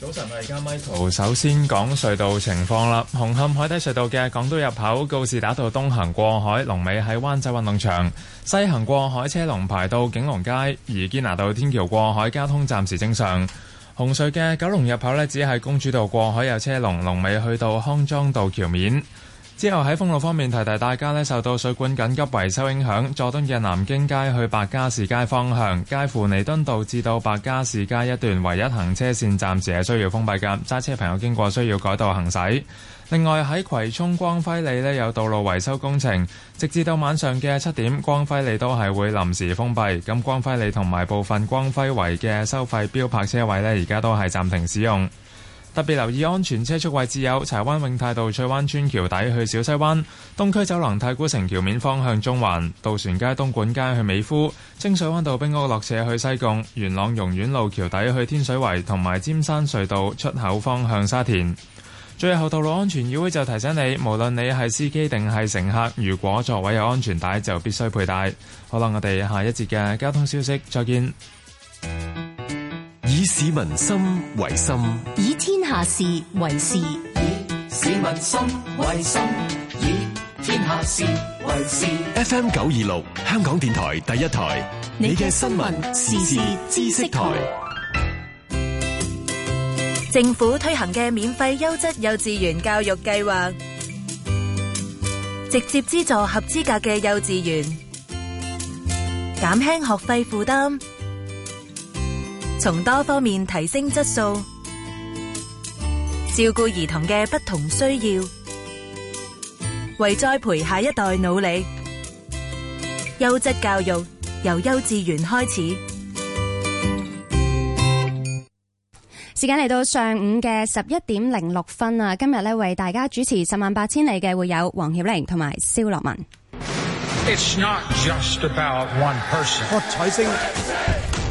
早晨，而家 Michael，首先講隧道情況啦。紅磡海底隧道嘅港島入口告士打道東行過海，龍尾喺灣仔運動場；西行過海車龍排到景隆街，而堅拿道天橋過海交通暫時正常。紅隧嘅九龍入口呢，只係公主道過海有車龍，龍尾去到康莊道橋面。之後喺封路方面提提大家咧，受到水管緊急維修影響，佐敦嘅南京街去白加士街方向，介乎彌敦道至到白加士街一段唯一行車線暫時係需要封閉嘅，揸車朋友經過需要改道行駛。另外喺葵涌光輝里咧，有道路維修工程，直至到晚上嘅七點，光輝里都係會臨時封閉。咁光輝里同埋部分光輝圍嘅收費標泊車位咧，而家都係暫停使用。特別留意安全車速位置有柴灣永泰道翠灣村橋底去小西灣、東區走廊太古城橋面方向中環、渡船街東莞街去美孚、清水灣道冰屋落斜去西貢、元朗榕苑路橋底去天水圍同埋尖山隧道出口方向沙田。最後道路安全議會就提醒你，無論你係司機定係乘客，如果座位有安全帶就必須佩戴。好啦，我哋下一節嘅交通消息再見。以市民心為心，以天下事為事。以市民心為心，以天下事為事。FM 九二六，香港電台第一台，你嘅新聞時事知識台。政府推行嘅免費優質幼稚園教育計劃，直接資助合資格嘅幼稚園，減輕學費負擔。從多方面提升質素，照顧兒童嘅不同需要，為栽培下一代努力。優質教育由幼稚園開始。時間嚟到上午嘅十一點零六分喇。今日咧為大家主持十萬八千里嘅會有黃曉玲同埋蕭樂文。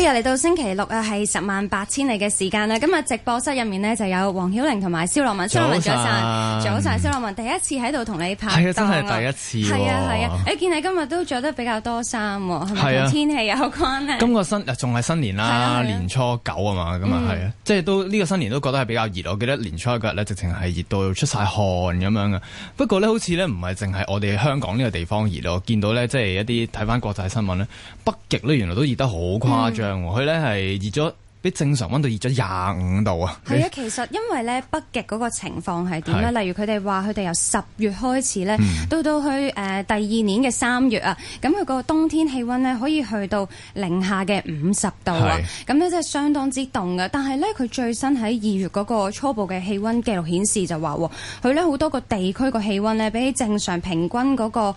又嚟到星期六啊，係十萬八千里嘅時間啦！今日直播室入面呢，就有黃曉玲同埋蕭羅文，早晨。早晨，蕭羅文。第一次喺度同你拍，係啊，真係第一次喎、哦。係啊係啊，誒，見你，你今日都着得比較多衫，係咪同天氣有關呢？今個新仲係新年啦，年初九啊嘛，咁啊係啊，即係都呢、這個新年都覺得係比較熱。我記得年初一嗰日咧，直情係熱到出晒汗咁樣嘅。不過呢，好似呢，唔係淨係我哋香港呢個地方熱咯，見到呢，即係一啲睇翻國際新聞呢，北極呢原來都熱得好誇張。嗯我佢咧係熱咗。正常温度熱咗廿五度啊！係啊，其實因為咧北極嗰個情況係點咧？的例如佢哋話佢哋由十月開始咧，到到去誒第二年嘅三月啊，咁佢個冬天氣温咧可以去到零下嘅五十度啊！咁咧即係相當之凍嘅。但係咧佢最新喺二月嗰個初步嘅氣温記錄顯示就話，佢咧好多個地區個氣温咧比起正常平均嗰個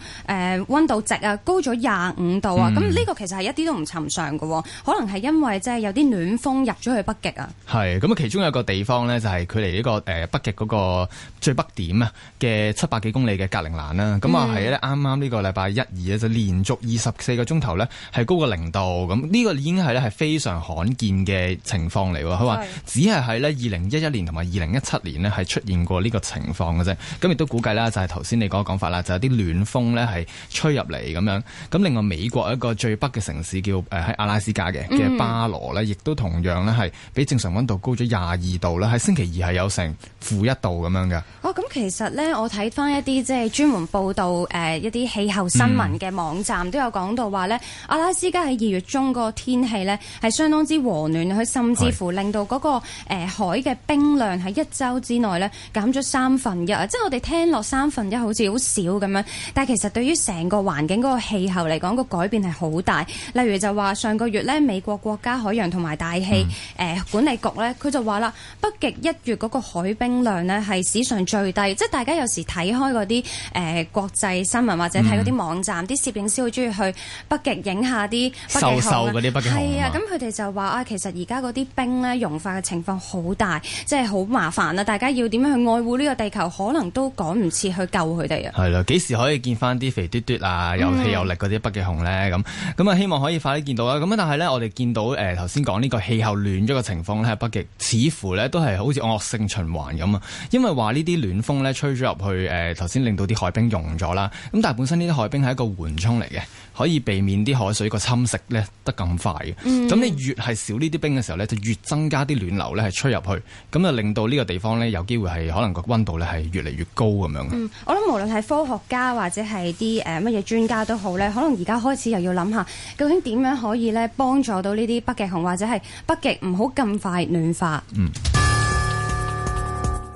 温度值啊高咗廿五度啊！咁呢個其實係一啲都唔尋常喎。可能係因為即係有啲暖風。入咗去北極啊！係咁啊，其中有一個地方咧，就係距離呢個誒、呃、北極嗰個最北點啊嘅七百幾公里嘅格陵蘭啦。咁啊、嗯，係咧啱啱呢個禮拜一二咧，就連續二十四個鐘頭咧係高過零度。咁呢個已經係咧係非常罕見嘅情況嚟。佢話是只係喺咧二零一一年同埋二零一七年呢係出現過呢個情況嘅啫。咁亦都估計啦，就係頭先你講嘅講法啦，就有、是、啲暖風咧係吹入嚟咁樣。咁另外美國一個最北嘅城市叫誒喺、呃、阿拉斯加嘅嘅巴羅咧，亦、嗯、都同樣。樣咧係比正常溫度高咗廿二度啦，喺星期二係有成負一度咁樣嘅。哦，咁其實咧，我睇翻一啲即係專門報道誒、呃、一啲氣候新聞嘅網站，嗯、都有講到話咧，阿拉斯加喺二月中個天氣咧係相當之和暖，佢甚至乎令到嗰、那個誒、呃、海嘅冰量喺一周之內咧減咗三分一。啊，即係我哋聽落三分一好似好少咁樣。但係其實對於成個環境嗰個氣候嚟講個改變係好大。例如就話上個月咧，美國國家海洋同埋大氣、嗯。誒、嗯、管理局咧，佢就話啦，北極一月嗰個海冰量呢係史上最低，即係大家有時睇開嗰啲誒國際新聞或者睇嗰啲網站，啲攝、嗯、影師好中意去北極影下啲瘦瘦嗰啲北極熊。係啊，咁佢哋就話啊，其實而家嗰啲冰咧融化嘅情況好大，即係好麻煩啊！大家要點樣去愛護呢個地球，可能都趕唔切去救佢哋啊。係啦，幾時可以見返啲肥嘟嘟啊、有氣有力嗰啲北極熊咧？咁咁啊，希望可以快啲見到啦。咁但係咧，我哋見到誒頭先講呢個氣。然後暖咗個情況咧，北極似乎咧都係好似惡性循環咁啊，因為話呢啲暖風咧吹咗入去，誒，頭先令到啲海冰融咗啦，咁但係本身呢啲海冰係一個緩衝嚟嘅。可以避免啲海水個侵蝕咧得更快嘅，咁、嗯、你越係少呢啲冰嘅時候咧，就越增加啲暖流咧係吹入去，咁就令到呢個地方咧有機會係可能個溫度咧係越嚟越高咁樣。嗯，我諗無論係科學家或者係啲誒乜嘢專家都好咧，可能而家開始又要諗下究竟點樣可以咧幫助到呢啲北極熊或者係北極唔好咁快暖化。嗯，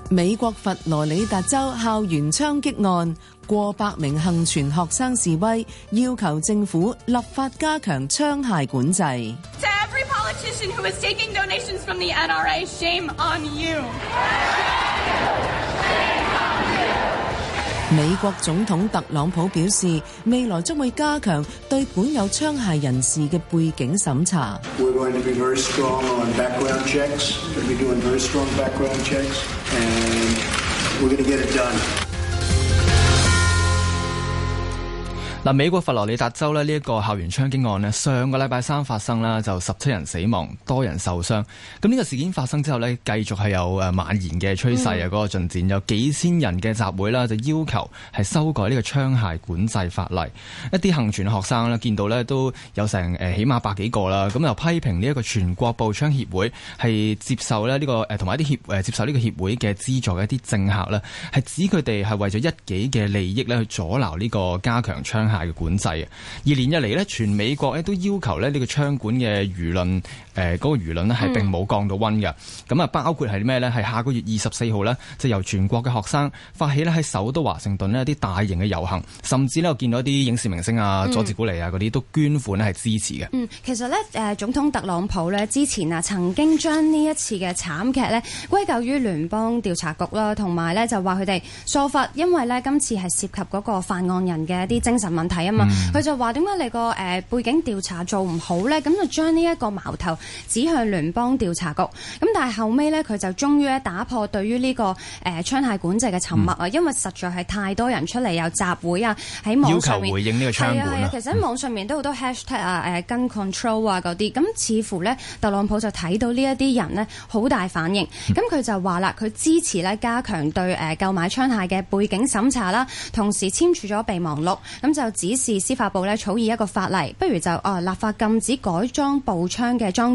美國佛羅里達州校園槍擊案。過百名幸存學生示威，要求政府立法加強槍械管制。To every politician who is taking donations from the NRA, shame on you. 美國總統特朗普表示，未來將會加強對擁有槍械人士嘅背景審查。嗱，美國佛羅里達州呢一個校園槍擊案呢，上個禮拜三發生啦，就十七人死亡，多人受傷。咁呢個事件發生之後呢，繼續係有蔓延嘅趨勢啊，嗰、嗰個進展，嗯、有幾千人嘅集會啦，就要求係修改呢個槍械管制法例。一啲幸存學生呢，見到呢都有成起碼百幾個啦，咁又批評呢一個全國步槍協會係接受呢、呢個同埋一啲協、接受呢個協會嘅資助嘅一啲政客啦，係指佢哋係為咗一己嘅利益咧去阻撓呢個加強槍械。嘅管制，啊，而連日嚟咧，全美國咧都要求咧呢個槍管嘅輿論。誒嗰、呃那個輿論呢係並冇降到溫嘅，咁啊、嗯、包括係咩呢？係下個月二十四號呢，就由全國嘅學生發起呢喺首都華盛頓呢，一啲大型嘅遊行，甚至呢，我見到一啲影視明星啊、佐治古尼啊嗰啲、嗯、都捐款係係支持嘅。嗯，其實呢，誒、呃、總統特朗普呢，之前啊曾經將呢一次嘅慘劇呢歸咎於聯邦調查局啦，同埋呢，就話佢哋疏忽，因為呢今次係涉及嗰個犯案人嘅一啲精神問題啊嘛，佢、嗯、就話「點解你個、呃、背景調查做唔好呢？」咁就將呢一個矛頭。指向聯邦調查局，咁但係後尾呢，佢就終於咧打破對於呢個誒槍械管制嘅沉默啊！嗯、因為實在係太多人出嚟有集會啊，喺網上要求回應呢個槍管啊！其實網上面都好多 h a s h t 啊、誒 g control 啊嗰啲，咁似乎呢，特朗普就睇到呢一啲人呢好大反應，咁佢、嗯、就話啦，佢支持呢加強對誒購買槍械嘅背景審查啦，同時簽署咗備忘錄，咁就指示司法部呢，草擬一個法例，不如就哦、啊、立法禁止改裝步槍嘅裝。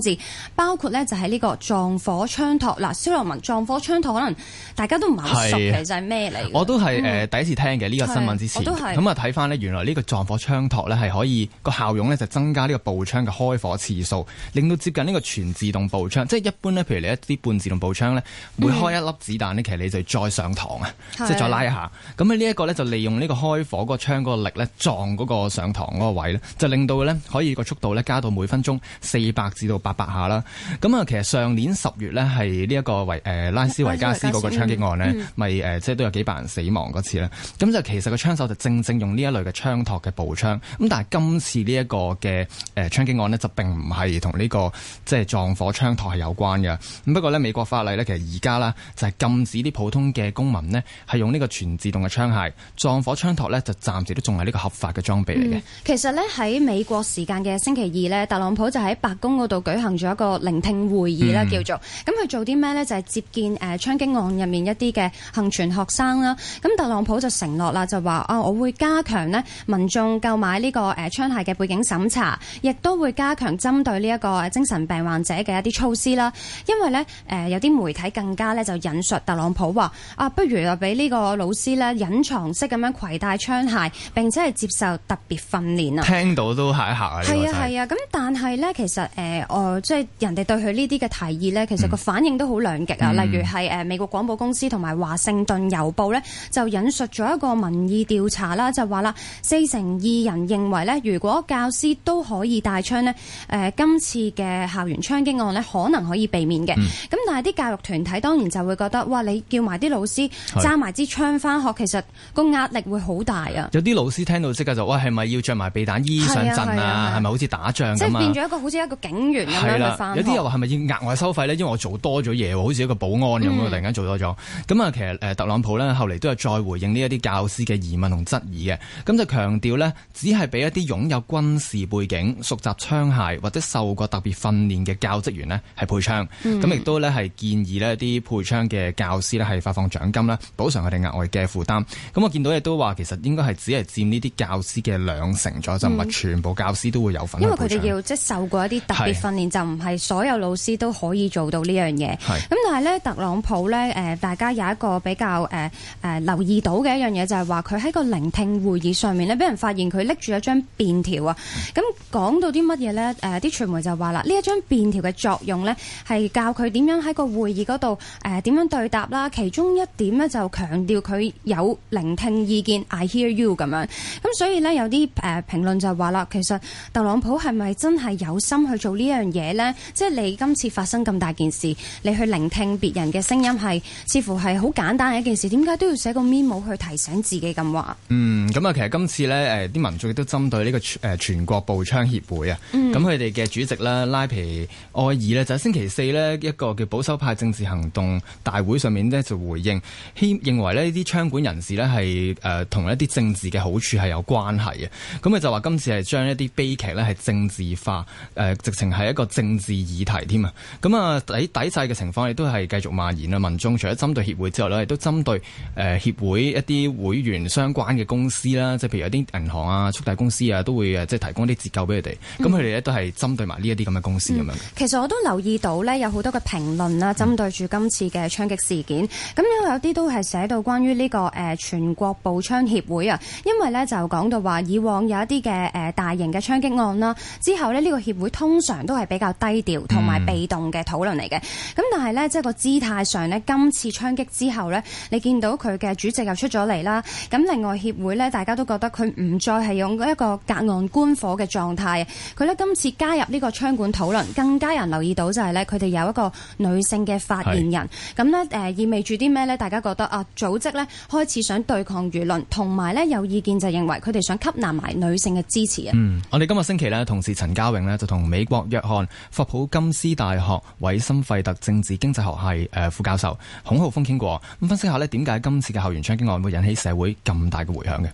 包括咧就係呢個撞火槍托嗱，蕭樂文撞火槍托可能大家都唔係好熟，其實係咩嚟？是我都係誒第一次聽嘅呢、這個新聞之前，咁啊睇翻呢，原來呢個撞火槍托咧係可以、那個效用咧就增加呢個步槍嘅開火次數，令到接近呢個全自動步槍，即、就、係、是、一般咧，譬如你一啲半自動步槍咧每開一粒子彈呢，嗯、其實你就再上膛啊，即係是再拉一下。咁呢一個咧就利用呢個開火個槍個力咧撞嗰個上膛嗰個位咧，就令到咧可以個速度咧加到每分鐘四百至到百下啦，咁啊，其實上年十月咧，係呢一個維誒拉斯維加斯嗰個槍擊案呢，咪誒即係都有幾百人死亡嗰次咧。咁就、嗯、其實個槍手就正正用呢一類嘅槍托嘅步槍，咁但係今次呢一個嘅誒槍擊案呢，就並唔係同呢個即係撞火槍托係有關嘅。咁不過呢，美國法例呢，其實而家咧就係禁止啲普通嘅公民呢，係用呢個全自動嘅槍械，撞火槍托呢，就暫時都仲係呢個合法嘅裝備嚟嘅、嗯。其實呢，喺美國時間嘅星期二呢，特朗普就喺白宮嗰度舉。舉行咗一個聆聽會議咧，嗯、叫做咁佢做啲咩呢？就係、是、接見誒槍擊案入面一啲嘅幸存學生啦。咁特朗普就承諾啦，就話啊我會加強呢民眾購買呢、這個誒槍、呃、械嘅背景審查，亦都會加強針對呢一個精神病患者嘅一啲措施啦。因為呢，誒、呃、有啲媒體更加咧就引述特朗普話啊，不如啊俾呢個老師咧隱藏式咁樣攜帶槍械，並且係接受特別訓練啊。聽到都嚇一嚇啊！係啊係啊，咁但係呢，其實誒、呃、我。即係人哋對佢呢啲嘅提議咧，其實個反應都好兩極啊。嗯、例如係誒美國廣播公司同埋華盛頓郵報咧，就引述咗一個民意調查啦，就話啦，四成二人認為咧，如果教師都可以帶槍咧，誒今次嘅校園槍擊案咧，可能可以避免嘅。咁、嗯、但係啲教育團體當然就會覺得，哇！你叫埋啲老師揸埋支槍翻學，的其實個壓力會好大啊。有啲老師聽到即刻就話，喂，係咪要着埋避彈衣上陣啊？係咪好似打仗？即係變咗一個好似一個警員。係啦，有啲又話係咪要額外收費咧？因為我做多咗嘢喎，好似一個保安咁樣，突然間做多咗。咁啊、嗯，其實誒特朗普咧後嚟都有再回應呢一啲教師嘅疑問同質疑嘅。咁就強調咧，只係俾一啲擁有軍事背景、熟習槍械或者受過特別訓練嘅教職員呢係配槍。咁亦都咧係建議咧啲配槍嘅教師咧係發放獎金啦，補償佢哋額外嘅負擔。咁我見到亦都話，其實應該係只係佔呢啲教師嘅兩成咗，就唔係全部教師都會有份。因為佢哋要即係受過一啲特別訓練。就唔係所有老師都可以做到呢樣嘢。咁對但係咧，特朗普咧，誒大家有一個比較誒誒留意到嘅一樣嘢，就係話佢喺個聆聽會議上面咧，俾人發現佢拎住一張便條啊。咁、嗯嗯、講到啲乜嘢咧？誒、呃、啲傳媒就話啦，呢一張便條嘅作用咧，係教佢點樣喺個會議度誒點樣對答啦。其中一點咧，就強調佢有聆聽意見 I hear you 咁樣，咁所以咧，有啲誒、呃、評論就話啦，其實特朗普係咪真係有心去做呢樣。嘢呢，即係你今次發生咁大件事，你去聆聽別人嘅聲音，係似乎係好簡單嘅一件事，點解都要寫個 memo 去提醒自己咁話？嗯，咁啊，其實今次呢誒啲民眾亦都針對呢個誒全國步槍協會啊，咁佢哋嘅主席呢拉皮愛爾呢，就喺星期四呢一個嘅保守派政治行動大會上面呢，就回應，希認為呢啲槍管人士呢係誒同一啲政治嘅好處係有關係嘅，咁佢就話今次係將一啲悲劇呢係政治化，誒直情係一個政治議題添啊，咁啊抵抵制嘅情況亦都係繼續蔓延啦。民眾除咗針對協會之外咧，亦都針對誒協會一啲會員相關嘅公司啦，即係譬如有啲銀行啊、速遞公司啊，都會即係提供啲折扣俾佢哋。咁佢哋咧都係針對埋呢一啲咁嘅公司咁樣。嗯、其實我都留意到呢，有好多嘅評論啦，針對住今次嘅槍擊事件。咁、嗯、有有啲都係寫到關於呢個誒全國步槍協會啊，因為呢就講到話以往有一啲嘅誒大型嘅槍擊案啦，之後呢，呢個協會通常都係。比較低調同埋被動嘅討論嚟嘅，咁、嗯、但係呢，即係個姿態上呢，今次槍擊之後呢，你見到佢嘅主席又出咗嚟啦。咁另外協會呢，大家都覺得佢唔再係用一個隔岸觀火嘅狀態。佢呢，今次加入呢個槍管討論，更加人留意到就係呢，佢哋有一個女性嘅發言人。咁呢是，誒意味住啲咩呢？大家覺得啊，組織呢，開始想對抗輿論，同埋呢有意見就認為佢哋想吸納埋女性嘅支持嘅。嗯，我哋今日星期呢，同事陳家榮呢，就同美國約翰霍普金斯大學韋森費特政治經濟學係誒、呃、副教授孔浩峰傾過，咁分析下咧，點解今次嘅校園槍擊案會引起社會咁大嘅回響嘅？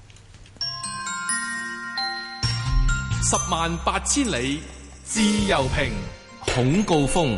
十萬八千里自由平，孔告峰。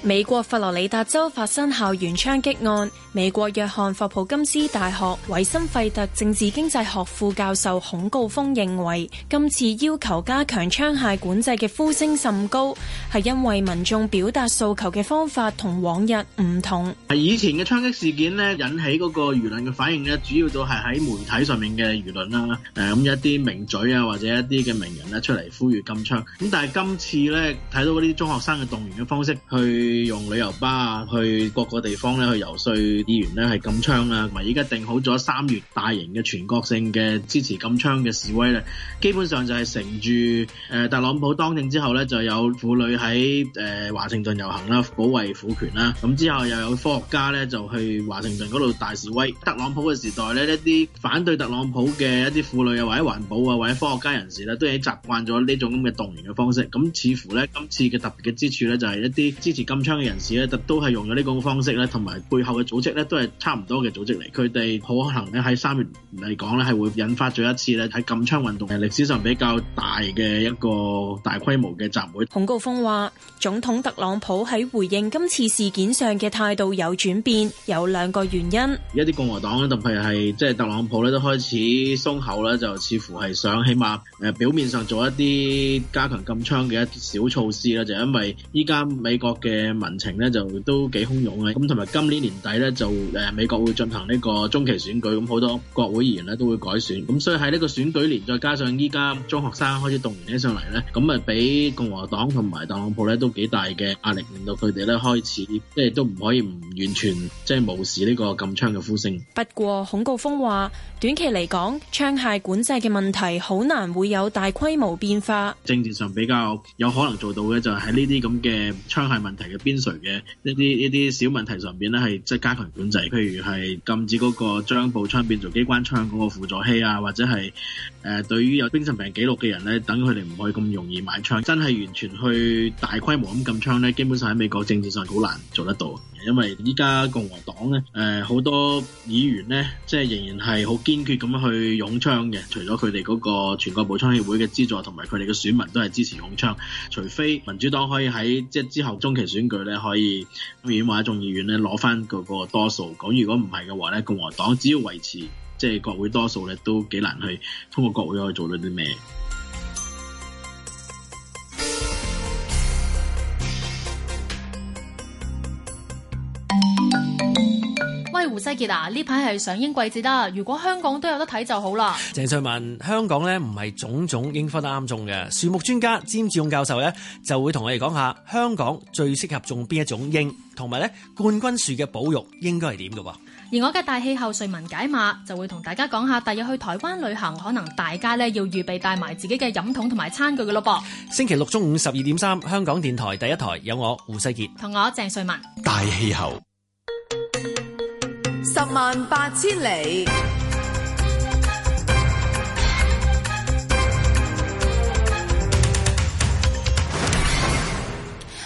美國佛羅里達州發生校園槍擊案。美國約翰霍普金斯大學維森費特政治經濟學副教授孔高峰認為，今次要求加強槍械管制嘅呼聲甚高，係因為民眾表達訴求嘅方法同往日唔同。係以前嘅槍擊事件呢，引起嗰個輿論嘅反應呢，主要都係喺媒體上面嘅輿論啦。誒，咁一啲名嘴啊，或者一啲嘅名人呢，出嚟呼籲禁槍。咁但係今次呢，睇到嗰啲中學生嘅動員嘅方式，去用旅遊巴啊，去各個地方咧去遊說，議員咧係禁槍啦，同埋依家定好咗三月大型嘅全國性嘅支持禁槍嘅示威咧，基本上就係乘住誒、呃、特朗普當政之後咧，就有婦女喺誒、呃、華盛頓遊行啦，保衞婦權啦，咁之後又有科學家咧就去華盛頓嗰度大示威。特朗普嘅時代咧，一啲反對特朗普嘅一啲婦女啊，或者環保啊，或者科學家人士咧，都已經習慣咗呢種咁嘅動員嘅方式。咁似乎咧今次嘅特別嘅之處咧，就係、是、一啲支持禁槍嘅人士咧，都係用咗呢個方式咧，同埋背後嘅組織。咧都係差唔多嘅組織嚟，佢哋好可能咧喺三月嚟講咧，係會引發咗一次咧喺禁槍運動嘅歷史上比較大嘅一個大規模嘅集會。洪高峰話，總統特朗普喺回應今次事件上嘅態度有轉變，有兩個原因。一啲共和黨咧，特別係即係特朗普咧，都開始鬆口咧，就似乎係想，起碼誒表面上做一啲加強禁槍嘅小措施啦，就因為依家美國嘅民情咧就都幾洶湧嘅，咁同埋今年年底咧。就誒美國會進行呢個中期選舉，咁好多國會議員咧都會改選，咁所以喺呢個選舉年，再加上依家中學生開始動員起上嚟咧，咁啊俾共和黨同埋特朗普咧都幾大嘅壓力，令到佢哋咧開始即係都唔可以唔完全即係、就是、無視呢個禁槍嘅呼聲。不過孔誥烽話，短期嚟講，槍械管制嘅問題好難會有大規模變化。政治上比較有可能做到嘅就係喺呢啲咁嘅槍械問題嘅邊陲嘅一啲一啲小問題上邊咧，係即係加強。管制，譬如係禁止嗰個將步槍變做機關槍嗰個輔助器啊，或者係誒、呃、對於有精神病記錄嘅人咧，等佢哋唔可以咁容易買槍，真係完全去大規模咁禁槍咧，基本上喺美國政治上好難做得到。因為依家共和黨咧，誒、呃、好多議員咧，即係仍然係好堅決咁去擁槍嘅。除咗佢哋嗰個全國步槍協會嘅資助，同埋佢哋嘅選民都係支持擁槍。除非民主黨可以喺即係之後中期選舉咧可以員或者眾議院咧攞翻個嗰個多數。咁如果唔係嘅話咧，共和黨只要維持即係國會多數咧，都幾難去通過國會可以做到啲咩。胡世傑啊，呢排係賞櫻季節啦，如果香港都有得睇就好啦。鄭瑞文，香港咧唔係種種櫻花都啱種嘅，樹木專家詹志勇教授咧就會同我哋講下香港最適合種邊一種櫻，同埋咧冠軍樹嘅保育應該係點嘅噃。而我嘅大氣候瑞文解碼就會同大家講下，第日去台灣旅行，可能大家咧要預備帶埋自己嘅飲桶同埋餐具嘅咯噃。星期六中午十二點三，香港電台第一台有我胡世傑同我鄭瑞文大氣候。十萬八千里。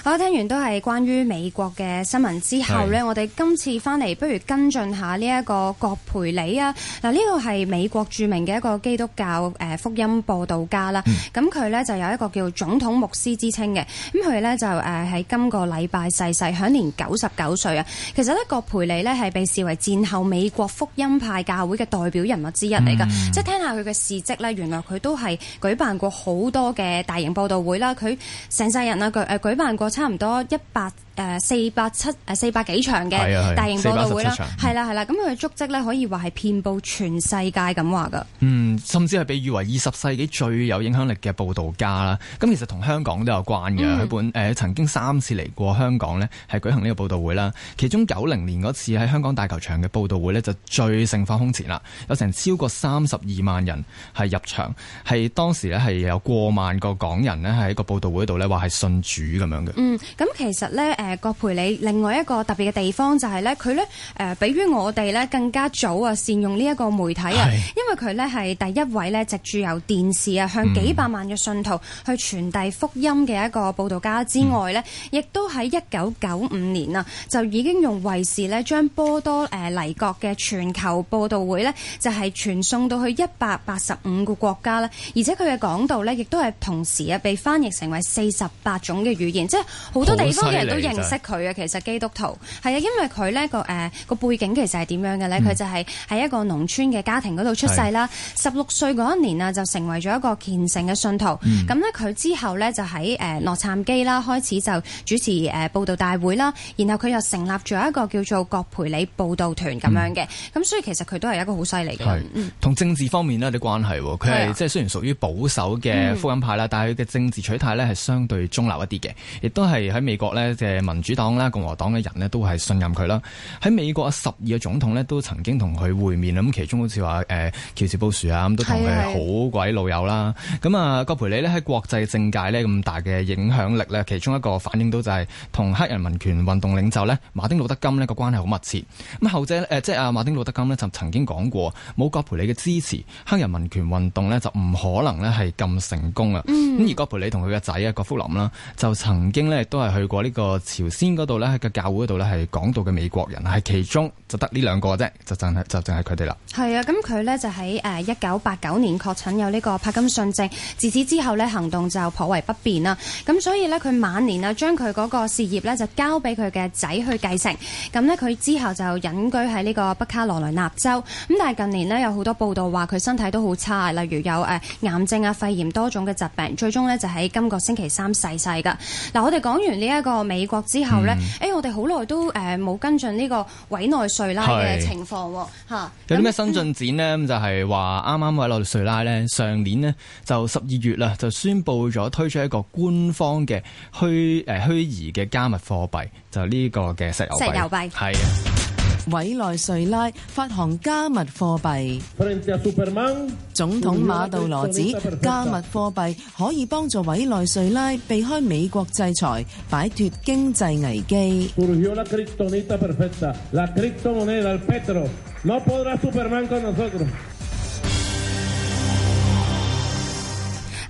好，聽完都係關於美國嘅新聞之後呢，是我哋今次翻嚟，不如跟進下呢一個葛培理。啊！嗱，呢個係美國著名嘅一個基督教、呃、福音佈道家啦。咁佢呢就有一個叫總統牧師之稱嘅。咁佢呢就誒喺今個禮拜逝世，享年九十九歲啊！其實呢，葛培理呢係被視為戰後美國福音派教會嘅代表人物之一嚟㗎。嗯、即係聽下佢嘅事跡呢，原來佢都係舉辦過好多嘅大型佈道會啦。佢成世人啊舉辦、呃、舉辦過。差唔多一百。誒、呃、四百七誒、呃、四百幾場嘅大型佈道會啦，係啦係啦，咁佢嘅足跡咧可以話係遍佈全世界咁話㗎。嗯，甚至係被譽為二十世紀最有影響力嘅佈道家啦。咁其實同香港都有關嘅，佢、嗯、本誒、呃、曾經三次嚟過香港咧，係舉行呢個佈道會啦。其中九零年嗰次喺香港大球場嘅佈道會咧，就最盛況空前啦，有成超過三十二萬人係入場，係當時咧係有過萬個港人咧係喺個佈道會度咧話係信主咁樣嘅。嗯，咁其實呢。誒、呃，郭培理另外一個特別嘅地方就係、是、咧，佢咧誒，比於我哋咧更加早啊，善用呢一個媒體啊，是因為佢咧係第一位咧，藉住由電視啊，向幾百萬嘅信徒、嗯、去傳遞福音嘅一個佈道家之外咧，嗯、亦都喺一九九五年啊，就已經用衛視咧將波多誒黎、呃、國嘅全球佈道會咧，就係、是、傳送到去一百八十五個國家咧，而且佢嘅講道咧，亦都係同時啊被翻譯成為四十八種嘅語言，即係好多地方嘅人都認認識佢啊，其實基督徒係啊，因為佢呢個誒個背景其實係點樣嘅呢？佢、嗯、就係喺一個農村嘅家庭嗰度出世啦。十六歲嗰一年啊，就成為咗一個虔誠嘅信徒。咁呢、嗯，佢之後呢，就喺誒洛杉磯啦，開始就主持誒、呃、佈道大會啦。然後佢又成立咗一個叫做葛培理佈道團咁、嗯、樣嘅。咁所以其實佢都係一個好犀利嘅。同、嗯、政治方面呢有啲關係，佢係即係雖然屬於保守嘅福音派啦，嗯、但係佢嘅政治取態呢，係相對中立一啲嘅，亦都係喺美國呢嘅。民主黨啦，共和黨嘅人呢都係信任佢啦。喺美國十二個總統呢都曾經同佢會面，咁其中好似話誒喬治布殊啊，咁都同佢好鬼老友啦。咁啊的，葛培理呢喺國際政界呢咁大嘅影響力呢，其中一個反映到就係、是、同黑人民權運動領袖呢馬丁路德金呢個關係好密切。咁後者、呃、即係啊馬丁路德金呢就曾經講過，冇葛培理嘅支持，黑人民權運動呢就唔可能咧係咁成功啊。咁、嗯、而葛培理同佢嘅仔啊葛福林啦，就曾經呢都係去過呢、這個。朝鮮嗰度呢，喺個教會嗰度呢，係講到嘅美國人係其中，就得呢兩個啫，就淨係就淨係佢哋啦。係啊，咁佢呢，就喺誒一九八九年確診有呢個帕金遜症，自此之後呢，行動就頗為不便啦。咁所以呢，佢晚年啊，將佢嗰個事業呢，就交俾佢嘅仔去繼承。咁呢，佢之後就隱居喺呢個北卡羅來納州。咁但係近年呢，有好多報道話佢身體都好差，例如有誒癌症啊、肺炎多種嘅疾病，最終呢，就喺今個星期三逝世㗎。嗱，我哋講完呢一個美國。之後咧，誒、嗯，我哋好耐都誒冇跟進呢個委內瑞拉嘅情況，吓係、嗯、有啲咩新進展咧？就係話啱啱委內瑞拉咧，上年咧就十二月啦，就宣布咗推出一個官方嘅虛誒虛擬嘅加密貨幣，就呢、係、個嘅石油幣石油幣係啊。委內瑞拉發行加密貨幣，總統馬杜羅指加密貨幣可以幫助委內瑞拉避開美國制裁，擺脫經濟危機。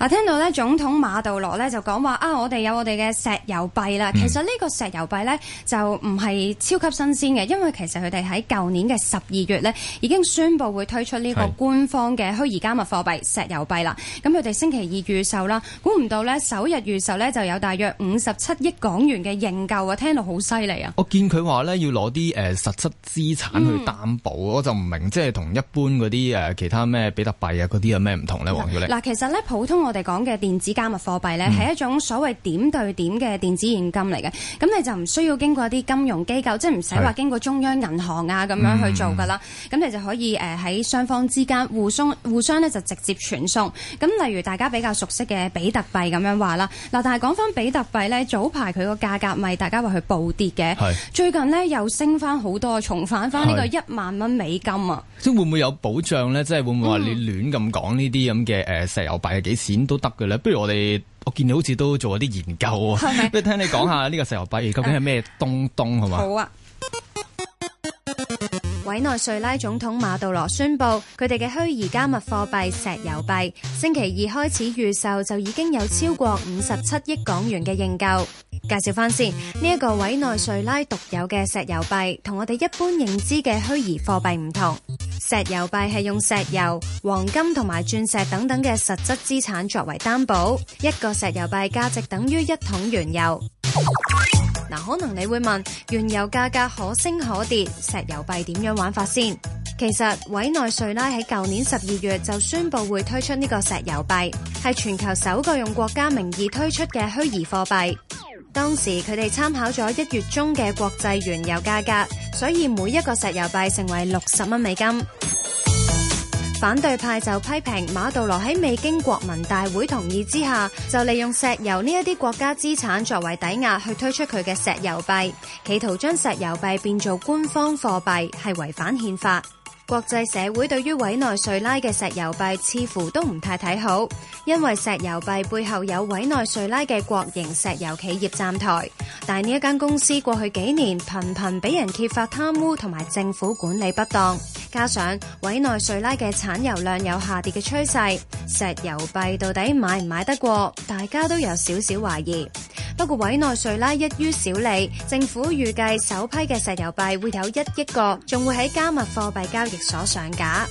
啊！聽到咧，總統馬杜羅咧就講話啊，我哋有我哋嘅石油幣啦。嗯、其實呢個石油幣咧就唔係超級新鮮嘅，因為其實佢哋喺舊年嘅十二月咧已經宣布會推出呢個官方嘅虛擬加密貨幣石油幣啦。咁佢哋星期二預售啦，估唔到咧首日預售咧就有大約五十七億港元嘅認購啊！聽到好犀利啊！我見佢話咧要攞啲誒實質資產去擔保，嗯、我就唔明即係同一般嗰啲誒其他咩比特幣啊嗰啲有咩唔同咧，黃小姐。嗱，其實咧普通我我哋講嘅電子加密貨幣咧，係一種所謂點對點嘅電子現金嚟嘅。咁你就唔需要經過一啲金融機構，即係唔使話經過中央銀行啊咁樣去做噶啦。咁、嗯、你就可以誒喺雙方之間互送，互相咧就直接傳送。咁例如大家比較熟悉嘅比特幣咁樣話啦。嗱，但係講翻比特幣咧，早排佢個價格咪大家話佢暴跌嘅。係最近呢，又升翻好多，重返翻呢個一萬蚊美金啊。即係、嗯、會唔會有保障咧？即係會唔會話你亂咁講呢啲咁嘅誒石油幣係幾錢？都得嘅啦，不如我哋，我見你好似都做咗啲研究，啊。不如聽你講下呢個石油幣 究竟係咩東東係嘛？好，好啊！委內瑞拉總統馬杜羅宣布，佢哋嘅虛擬加密貨幣石油幣，星期二開始預售就已經有超過五十七億港元嘅認購。介紹翻先，呢、這、一個委內瑞拉獨有嘅石油幣，同我哋一般認知嘅虛擬貨幣唔同。石油幣係用石油、黃金同埋鑽石等等嘅實質資產作為擔保，一個石油幣價值等於一桶原油。嗱，可能你會問，原油價格可升可跌，石油幣點樣玩法先？其實委內瑞拉喺舊年十二月就宣布會推出呢個石油幣，係全球首個用國家名義推出嘅虛擬貨幣。當時佢哋參考咗一月中嘅國際原油價格，所以每一個石油幣成為六十蚊美金。反對派就批評馬杜羅喺未經國民大會同意之下，就利用石油呢一啲國家資產作為抵押去推出佢嘅石油幣，企圖將石油幣變做官方貨幣，係違反憲法。國際社會對於委內瑞拉嘅石油幣似乎都唔太睇好，因為石油幣背後有委內瑞拉嘅國營石油企業站台，但呢一間公司過去幾年頻頻俾人揭發貪污同埋政府管理不當，加上委內瑞拉嘅產油量有下跌嘅趨勢，石油幣到底買唔買得過，大家都有少少懷疑。不過委內瑞拉一於小利，政府預計首批嘅石油幣會有一億個，仲會喺加密貨幣交易所上架。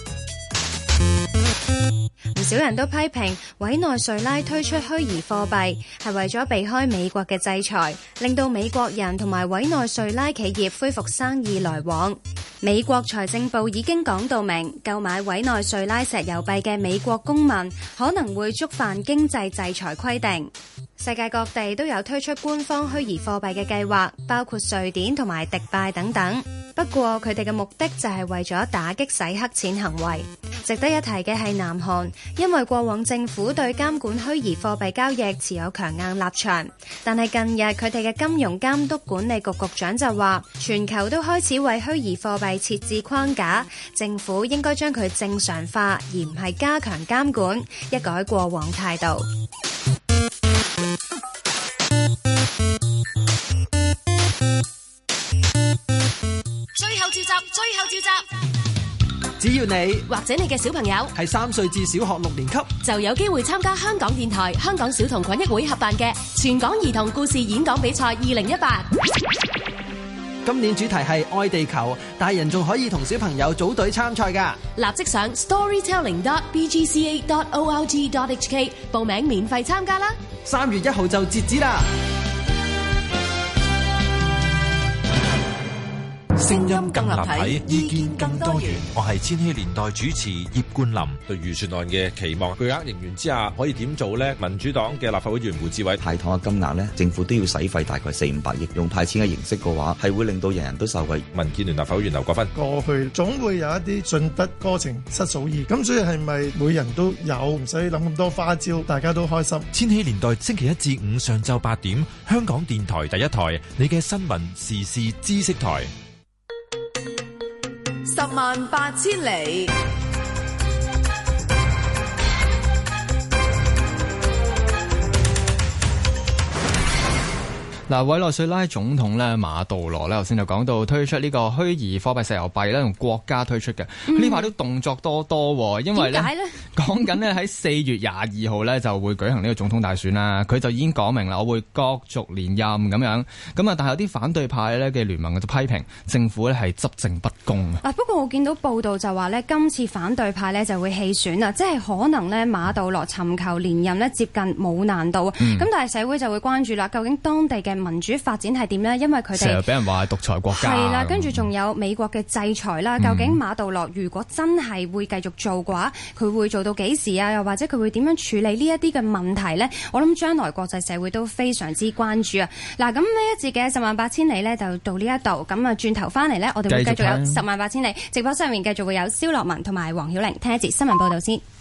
唔少人都批評委內瑞拉推出虛擬貨幣係為咗避開美國嘅制裁，令到美國人同埋委內瑞拉企業恢復生意來往。美國財政部已經講到明，購買委內瑞拉石油幣嘅美國公民可能會觸犯經濟制裁規定。世界各地都有推出官方虛擬貨幣嘅計劃，包括瑞典同埋迪拜等等。不過佢哋嘅目的就係為咗打擊洗黑錢行為。值得一提嘅係，南韓因為過往政府對監管虛擬貨幣交易持有強硬立場，但係近日佢哋嘅金融監督管理局局長就話，全球都開始為虛擬貨幣。係設置框架，政府應該將佢正常化，而唔係加強監管，一改過往態度。最後召集，最後召集，只要你或者你嘅小朋友係三歲至小學六年級，就有機會參加香港電台、香港小童群益會合辦嘅全港兒童故事演講比賽二零一八。今年主題係愛地球，大人仲可以同小朋友組隊參賽㗎，立即上 storytelling.bgca.org.hk 報名免費參加啦，三月一號就截止啦。聲音更立，更，更立體，意見更多元。我係千禧年代主持葉冠林。對預算案嘅期望，巨額盈餘之下可以點做呢？民主黨嘅立法會議員胡志偉，派糖嘅金額呢？政府都要使費大概四五百億，用派錢嘅形式嘅話，係會令到人人都受惠。民建聯立法會議員劉國勳，過去總會有一啲進得過程失數意，咁所以係咪每人都有唔使諗咁多花招，大家都開心？千禧年代星期一至五上晝八點，香港電台第一台，你嘅新聞時事知識台。十萬八千里。嗱，委內瑞拉總統咧馬杜羅咧，頭先就講到推出呢個虛擬貨幣石油幣咧，同國家推出嘅，呢排都動作多多，因為咧講緊呢喺四月廿二號咧就會舉行呢個總統大選啦，佢就已經講明啦，我會角逐連任咁樣，咁啊，但係有啲反對派咧嘅聯盟就批評，政府咧係執政不公啊。嗯、不過我見到報道就話呢，今次反對派呢就會棄選啦，即係可能呢馬杜羅尋求連任呢接近冇難度，咁但係社會就會關注啦，究竟當地嘅民主發展係點呢？因為佢哋成日俾人話獨裁國家係啦，跟住仲有美國嘅制裁啦。嗯、究竟馬杜洛如果真係會繼續做嘅話，佢會做到幾時啊？又或者佢會點樣處理呢一啲嘅問題呢，我諗將來國際社會都非常之關注啊。嗱，咁呢一節嘅「十萬八千里」呢，就到呢一度咁啊，轉頭翻嚟呢，我哋會繼續有「十萬八千里」。直播室入面繼續會有蕭樂文同埋黃曉玲，聽一節新聞報道先。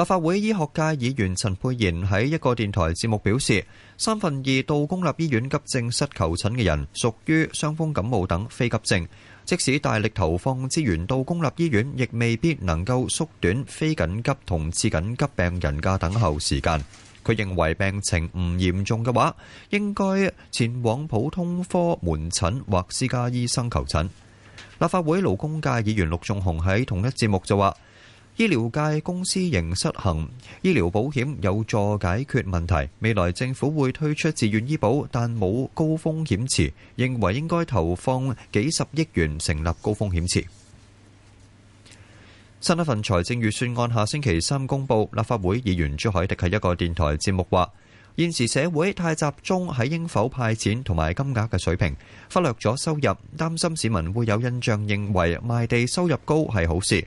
立法會醫學界議員陳沛然喺一個電台節目表示，三分二到公立醫院急症室求診嘅人屬於傷風感冒等非急症，即使大力投放資源到公立醫院，亦未必能夠縮短非緊急同次緊急病人嘅等候時間。佢認為病情唔嚴重嘅話，應該前往普通科門診或私家醫生求診。立法會勞工界議員陸頌雄喺同一節目就話。醫療界公司仍失衡，醫療保險有助解決問題。未來政府會推出自願醫保，但冇高風險池，認為應該投放幾十億元成立高風險池。新一份財政預算案下星期三公布，立法會議員朱凱迪喺一個電台節目話：現時社會太集中喺應否派錢同埋金額嘅水平，忽略咗收入，擔心市民會有印象認為賣地收入高係好事。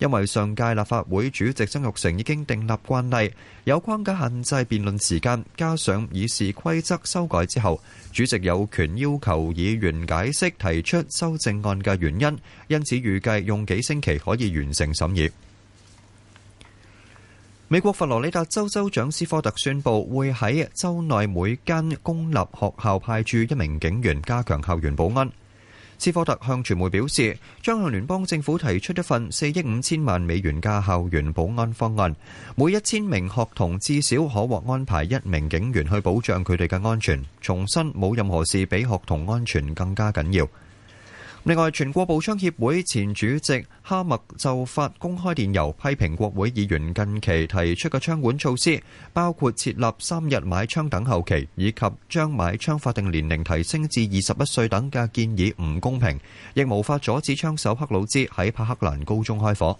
因為上屆立法會主席曾玉成已經訂立慣例，有框架限制辯論時間，加上議事規則修改之後，主席有權要求議員解釋提出修正案嘅原因，因此預計用幾星期可以完成審議。美國佛羅里達州州長斯科特宣布會喺州內每間公立學校派駐一名警員，加強校園保安。斯科特向傳媒表示，將向聯邦政府提出一份四億五千萬美元嘅校園保安方案，每一千名學童至少可獲安排一名警員去保障佢哋嘅安全。重申冇任何事比學童安全更加緊要。另外，全國步槍協會前主席哈默就發公開電郵，批評國會議員近期提出嘅槍管措施，包括設立三日買槍等候期，以及將買槍法定年齡提升至二十一歲等嘅建議唔公平，亦無法阻止槍手克魯茲喺帕克蘭高中開火。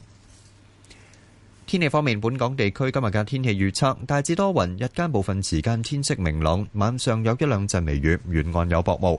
天氣方面，本港地區今日嘅天氣預測大致多雲，日間部分時間天色明朗，晚上有一兩陣微雨，沿岸有薄霧。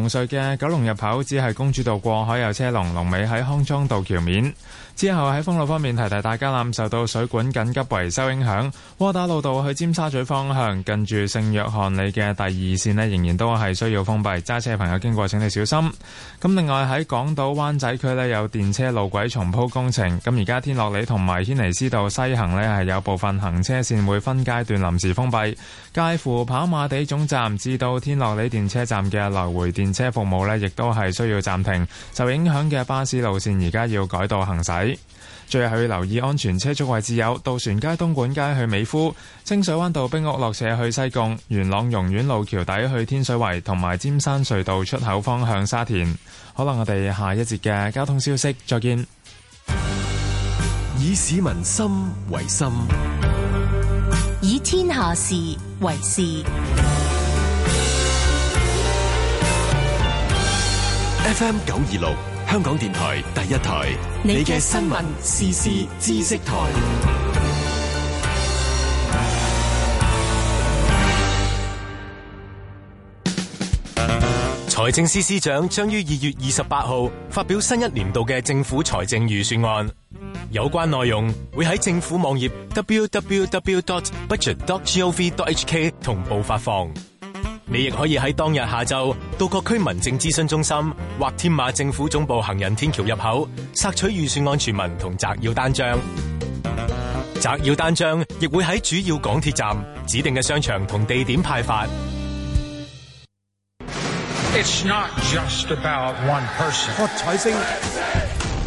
紅隧嘅九龍入口只係公主道過海有車龍，龍尾喺康莊道橋面。之後喺封路方面提提大家，纜受到水管緊急維修影響，窩打老道去尖沙咀方向近住聖約翰里嘅第二線呢，仍然都係需要封閉，揸車嘅朋友經過請你小心。咁另外喺港島灣仔區呢，有電車路軌重鋪工程，咁而家天樂里同埋軒尼詩道西行呢，係有部分行車線會分階段臨時封閉，介乎跑馬地總站至到天樂里電車站嘅來回電。電車服務呢亦都係需要暫停。受影響嘅巴士路線而家要改道行駛。最後要留意安全車速位置有：渡船街、東莞街去美孚、清水灣道、兵屋落斜去西貢、元朗榕苑路橋底去天水圍，同埋尖山隧道出口方向沙田。好喇，我哋下一節嘅交通消息再見。以市民心為心，以天下事為事。FM 九二六，香港電台第一台，你嘅新聞、時事、知識台。財政司司長將於二月二十八號發表新一年度嘅政府財政預算案，有關內容會喺政府網頁 www.budget.gov.hk 同步發放。你亦可以喺當日下晝到各區民政諮詢中心或天馬政府總部行人天橋入口索取預算案全文同摘要單張，摘要單張亦會喺主要港鐵站指定嘅商場同地點派發。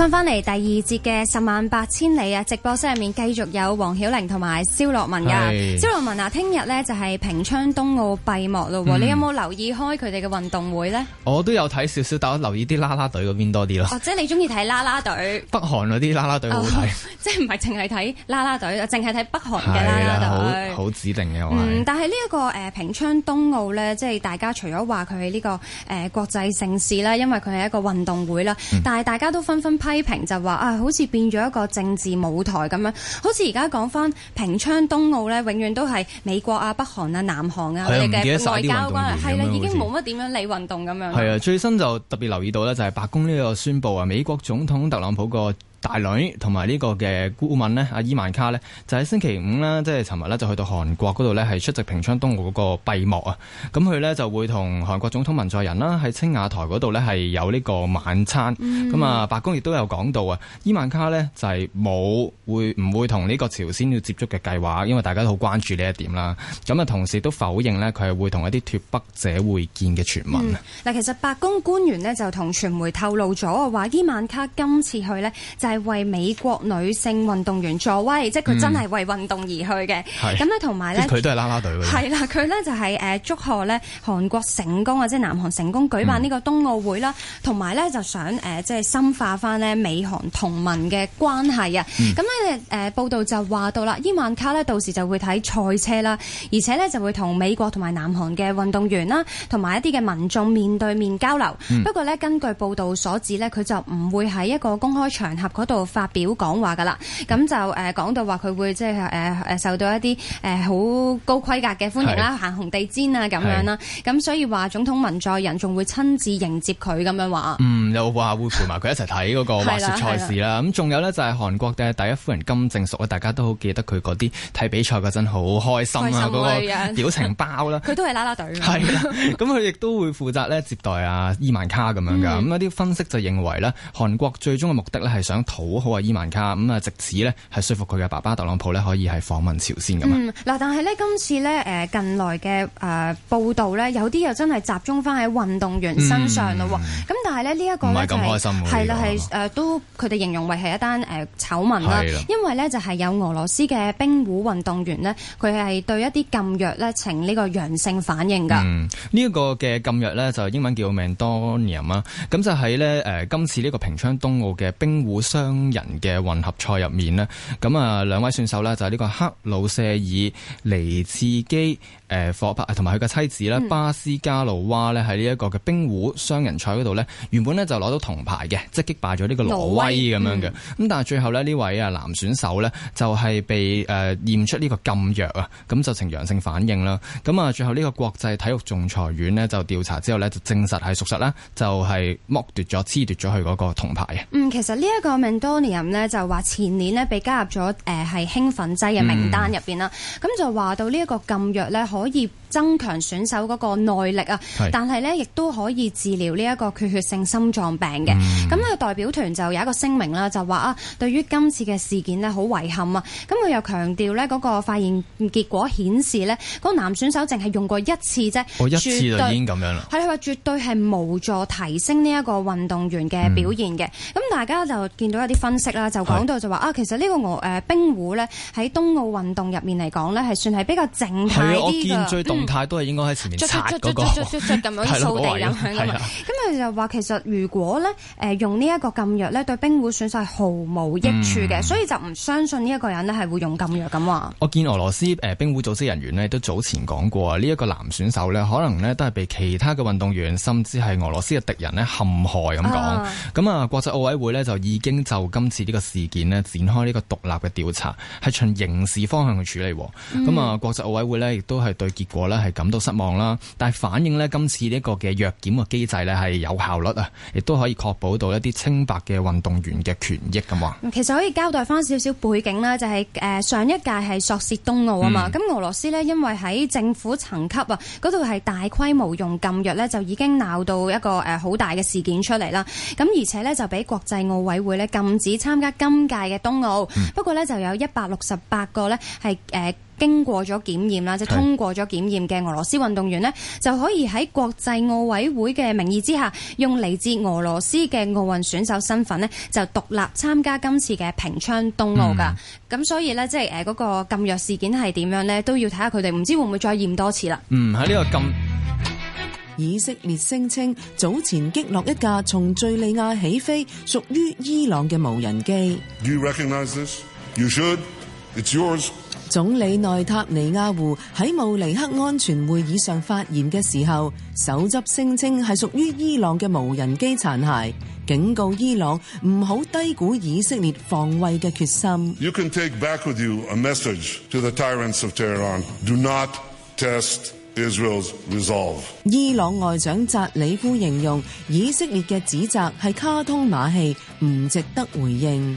返返嚟第二節嘅十萬八千里啊！直播室入面繼續有黃曉玲同埋蕭樂文㗎。是蕭樂文啊，聽日咧就係平昌冬奧閉幕嘞喎！嗯、你有冇留意開佢哋嘅運動會咧？我都有睇少少，但我留意啲啦啦隊嗰邊多啲咯。或者、哦、你中意睇啦啦隊？ 北韓嗰啲啦啦隊、哦、即係唔係淨係睇啦啦隊，淨係睇北韓嘅啦啦隊。好指定嘅話、嗯。但係呢一個平昌冬奧咧，即係大家除咗話佢係呢個國際盛事啦，因為佢係一個運動會啦。嗯、但係大家都紛紛，紛拍批評就話啊，好似變咗一個政治舞台咁樣，好似而家講翻平昌冬奧咧，永遠都係美國啊、北韓啊、南韓啊嘅的外交關係，係啦，的已經冇乜點樣理運動咁樣。係啊，最新就特別留意到咧，就係白宮呢個宣布啊，美國總統特朗普個。大女同埋呢個嘅顧問呢，阿伊萬卡呢，就喺星期五啦，即係尋日呢，就去到韓國嗰度呢，係出席平昌冬奧嗰個閉幕啊。咁佢呢，就會同韓國總統文在寅啦，喺青瓦台嗰度呢，係有呢個晚餐。咁啊、嗯，白宮亦都有講到啊，伊萬卡呢，就係冇會唔會同呢個朝鮮要接觸嘅計劃，因為大家都好關注呢一點啦。咁啊，同時都否認呢，佢係會同一啲脫北者會見嘅傳聞嗱、嗯，其實白宮官員呢，就同傳媒透露咗話，伊萬卡今次去呢。就係。係為美國女性運動員助威，即係佢真係為運動而去嘅。咁咧、嗯，同埋咧，佢都係啦啦隊。係啦，佢咧就係、是、誒、呃、祝賀咧韓國成功啊，即係南韓成功舉辦呢個冬奧會啦，同埋咧就想誒、呃、即係深化翻咧美韓同盟嘅關係啊。咁咧誒報道就話到啦，伊萬卡咧到時就會睇賽車啦，而且咧就會同美國同埋南韓嘅運動員啦，同埋一啲嘅民眾面對面交流。嗯、不過咧根據報道所指咧，佢就唔會喺一個公開場合嗰度發表講話噶啦，咁就誒講到話佢會即係誒誒受到一啲誒好高規格嘅歡迎啦，行是紅地毯啊咁樣啦，咁是、啊、所以話總統文在寅仲會親自迎接佢咁樣話，嗯，又話會陪埋佢一齊睇嗰個滑雪賽事啦，咁仲 有呢，就係、是、韓國嘅第一夫人金正淑啊，大家都好記得佢嗰啲睇比賽嗰陣好開心啊，嗰個表情包啦，佢 都係啦啦隊，係啦的，咁佢亦都會負責咧接待啊伊萬卡咁樣噶，咁一啲分析就認為呢，韓國最終嘅目的呢係想。討好啊伊萬卡咁啊，直指呢，係說服佢嘅爸爸特朗普呢，可以係訪問朝鮮咁啊。嗱、嗯，但係呢，今次呢，誒近來嘅誒報道呢，有啲又真係集中翻喺運動員身上咯喎。咁、嗯、但係呢、就是，呢一、咁開心，係啦係誒都佢哋形容為係一單誒醜聞啦，的因為呢，就係有俄羅斯嘅冰壺運動員呢，佢係對一啲禁藥呢呈呢個陽性反應㗎。呢一、嗯這個嘅禁藥呢，就英文叫 Meldonium 啊，咁就喺呢，誒今次呢個平昌冬奧嘅冰壺商雙人嘅混合賽入面呢，咁啊兩位選手呢，就係呢個克魯舍爾尼茨基誒霍伯同埋佢嘅妻子呢、嗯、巴斯加魯娃呢，喺呢一個嘅冰壺雙人賽嗰度呢，原本呢就攞到銅牌嘅，即係擊敗咗呢個挪威咁樣嘅，咁、嗯、但係最後呢，呢位啊男選手呢，就係被誒驗出呢個禁藥啊，咁就呈陽性反應啦，咁啊最後呢個國際體育仲裁院呢，就調查之後呢，就證實係屬實啦，就係剝奪咗褫奪咗佢嗰個銅牌嘅。嗯，其實呢一個多人咧，就話前年呢，被加入咗誒係興奮劑嘅名單入邊啦，咁、嗯、就話到呢一個禁藥咧可以。增強選手嗰個耐力啊，是但係咧亦都可以治療呢一個缺血，血性心臟病嘅。咁咧、嗯，代表團就有一個聲明啦，就話啊，對於今次嘅事件呢，好遺憾啊。咁佢又強調呢，嗰個發現結果顯示呢，嗰、嗰個、男選手淨係用過一次啫，我一次就已經咁樣啦。係佢話絕對係無助提升呢一個運動員嘅表現嘅。咁、嗯、大家就見到有啲分析啦，就講到就話是啊，其實呢、呢個、呃、冰壺呢，喺冬奧運動入面嚟講呢，係算係比較靜態啲嘅太多係應該喺前面咁，那個那個，樣掃地，咁佢就話其實，如果咧誒用呢一個禁藥咧對冰壺選手係毫無益處嘅，嗯、所以就唔相信呢一個人咧係會用禁藥咁話。我見俄羅斯誒冰壺組織人員咧都早前講過啊，呢、這、一個男選手咧可能咧都係被其他嘅運動員甚至係俄羅斯嘅敵人咧陷害咁講。咁啊國際奧委會呢，就已經就今次呢個事件呢展開呢個獨立嘅調查，係循刑事方向去處理。咁啊國際奧委會呢，亦都係對結果呢係感到失望啦，但係反映呢，今次呢個嘅藥檢嘅機制呢係有效率啊，亦都可以確保到一啲清白嘅運動員嘅權益咁，其實可以交代翻少少背景啦，就係、是、誒上一屆係索契冬奧啊嘛，咁、嗯、俄羅斯呢，因為喺政府層級啊嗰度係大規模用禁藥呢就已經鬧到一個誒好大嘅事件出嚟啦。咁而且呢，就俾國際奧委會呢禁止參加今屆嘅冬奧，嗯、不過呢，就有一百六十八個呢係誒。呃經過咗檢驗啦，即通過咗檢驗嘅俄羅斯運動員呢，是就可以喺國際奧委會嘅名義之下，用嚟自俄羅斯嘅奧運選手身份呢，就獨立參加今次嘅平昌冬奧噶。咁、嗯、所以呢，即係誒嗰個禁藥事件係點樣呢？都要睇下佢哋唔知道會唔會再驗多次啦。嗯，喺呢個禁。以色列聲稱早前擊落一架從敍利亞起飛屬於伊朗嘅無人機。You recognize this? You should. It's yours. 總理內塔尼亞胡喺慕尼黑安全會議上發言嘅時候，手執聲稱係屬於伊朗嘅無人機殘骸，警告伊朗唔好低估以色列防衛嘅決心。You can take back with you a message to the tyrants of Tehran. Do not test Israel's resolve. 伊朗外長扎里夫形容以色列嘅指責係卡通馬戲，唔值得回應。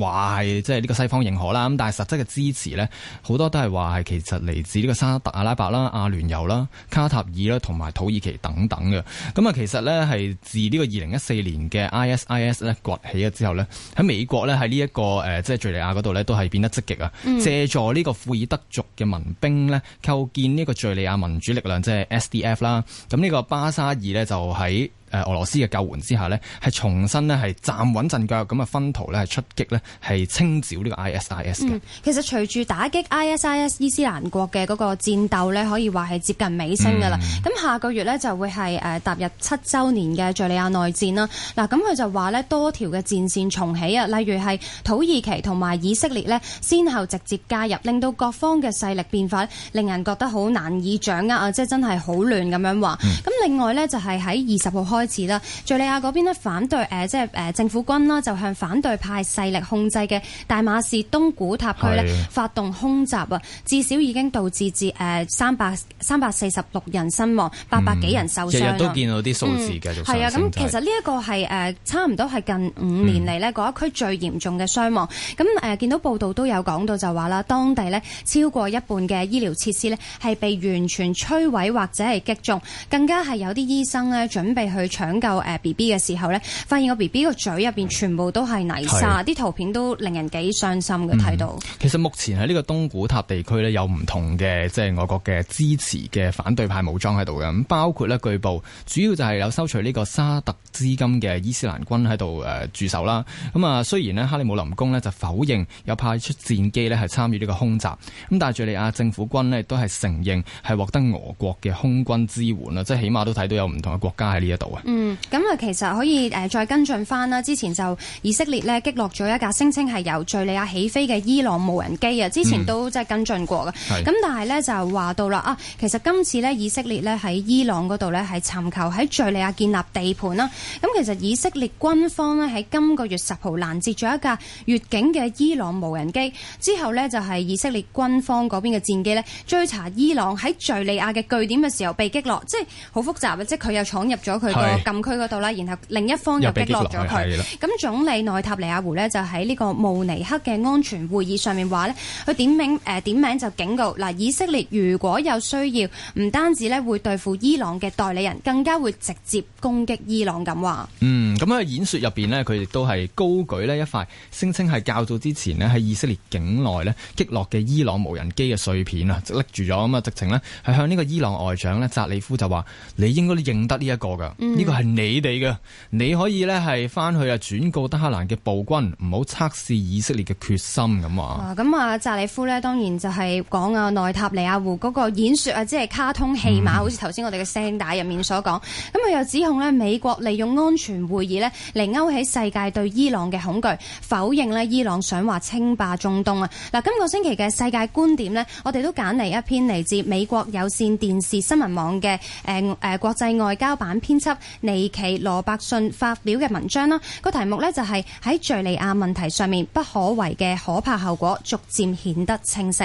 話係即係呢個西方認可啦，咁但係實質嘅支持咧，好多都係話係其實嚟自呢個沙特阿拉伯啦、阿聯酋啦、卡塔爾啦同埋土耳其等等嘅。咁啊，其實咧係自呢個二零一四年嘅 ISIS 咧崛起咗之後咧，喺美國咧喺呢一個誒即係敍利亞嗰度咧都係變得積極啊，借、嗯、助呢個庫爾德族嘅民兵咧構建呢個敍利亞民主力量，即係 SDF 啦。咁呢個巴沙爾咧就喺。俄羅斯嘅救援之下呢，係重新呢，係站穩陣腳，咁啊分途呢，係出擊呢，係清剿呢個 ISIS 嘅、嗯。其實隨住打擊 ISIS IS 伊斯蘭國嘅嗰個戰鬥呢，可以話係接近尾聲㗎啦。咁、嗯、下個月呢，就會係誒、啊、踏入七週年嘅敘利亞內戰啦。嗱，咁佢就話呢，多條嘅戰線重起啊，例如係土耳其同埋以色列呢，先後直接介入，令到各方嘅勢力變化，令人覺得好難以掌握啊！即係真係好亂咁樣話。咁、嗯、另外呢，就係喺二十號開始。開始啦，敘利亞嗰邊反對誒，即係誒政府軍啦，就向反對派勢力控制嘅大馬士東古塔區咧發動空襲啊，至少已經導致至誒三百三百四十六人身亡，八百幾人受傷。嗯、日日都見到啲數字繼續上升。係啊，咁、嗯、其實呢一個係誒差唔多係近五年嚟嗰一區最嚴重嘅傷亡。咁誒見到報道都有講到就話啦，當地咧超過一半嘅醫療設施咧係被完全摧毀或者係擊中，更加係有啲醫生咧準備去。搶救誒 B B 嘅時候咧，發現個 B B 個嘴入邊全部都係泥沙，啲是圖片都令人幾傷心嘅睇到、嗯。其實目前喺呢個東古塔地區咧，有唔同嘅即係外國嘅支持嘅反對派武裝喺度嘅，咁包括咧據報主要就係有收取呢個沙特資金嘅伊斯蘭軍喺度誒駐守啦。咁啊，雖然咧哈利姆林宮呢就否認有派出戰機呢係參與呢個空襲，咁但係敍利亞政府軍呢都係承認係獲得俄國嘅空軍支援啦，即係起碼都睇到有唔同嘅國家喺呢一度。嗯，咁啊，其實可以誒再跟進翻啦。之前就以色列咧擊落咗一架聲稱係由敍利亞起飛嘅伊朗無人機啊。之前都即係跟進過嘅。咁、嗯、但係呢，就話到啦啊，其實今次呢以色列呢喺伊朗嗰度呢係尋求喺敍利亞建立地盤啦。咁其實以色列軍方呢喺今個月十號攔截咗一架越境嘅伊朗無人機，之後呢，就係以色列軍方嗰邊嘅戰機呢追查伊朗喺敍利亞嘅據點嘅時候被擊落，即係好複雜嘅，即係佢又闖入咗佢。禁區嗰度啦，然後另一方又擊落咗佢。咁總理內塔尼亞胡呢，就喺呢個慕尼黑嘅安全會議上面話呢，佢點名誒、呃、點名就警告嗱，以色列如果有需要，唔單止咧會對付伊朗嘅代理人，更加會直接攻擊伊朗咁話。嗯，咁喺演說入邊呢，佢亦都係高舉呢一塊聲稱係較早之前呢，喺以色列境內咧擊落嘅伊朗無人機嘅碎片啊，執拎住咗咁啊，直情呢，係向呢個伊朗外長呢，扎里夫就話，你應該認得呢、這、一個噶。嗯呢個係你哋嘅，你可以呢，係翻去啊，轉告德黑蘭嘅暴君，唔好測試以色列嘅決心咁啊！咁啊，扎里夫呢，當然就係講啊，內塔尼亞胡嗰個演說啊，即、就、係、是、卡通戲碼、嗯、好似頭先我哋嘅聲帶入面所講，咁佢又指控呢美國利用安全會議呢嚟，勾起世界對伊朗嘅恐懼，否認呢伊朗想話稱霸中東啊！嗱，今個星期嘅世界觀點呢，我哋都揀嚟一篇嚟自美國有線電視新聞網嘅誒誒國際外交版編輯。尼奇羅伯遜發表嘅文章啦，個題目呢就係喺敘利亞問題上面不可為嘅可怕後果逐漸顯得清晰。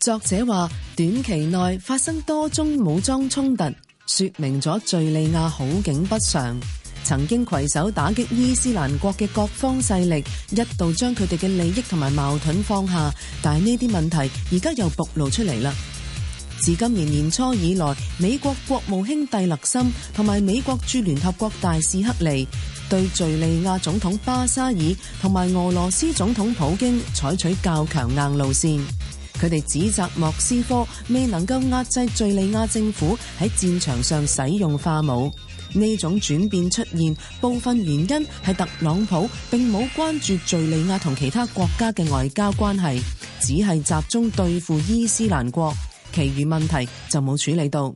作者話，短期內發生多宗武裝衝突，說明咗敘利亞好景不常。曾經攜手打擊伊斯蘭國嘅各方勢力，一度將佢哋嘅利益同埋矛盾放下，但係呢啲問題而家又暴露出嚟啦。自今年年初以來，美國國務卿蒂勒森同埋美國駐聯合國大使克利對敘利亞總統巴沙爾同埋俄羅斯總統普京採取較強硬路線。佢哋指責莫斯科未能夠壓制敘利亞政府喺戰場上使用化武。呢種轉變出現部分原因係特朗普並冇關注敘利亞同其他國家嘅外交關係，只係集中對付伊斯蘭國。其餘問題就冇處理到。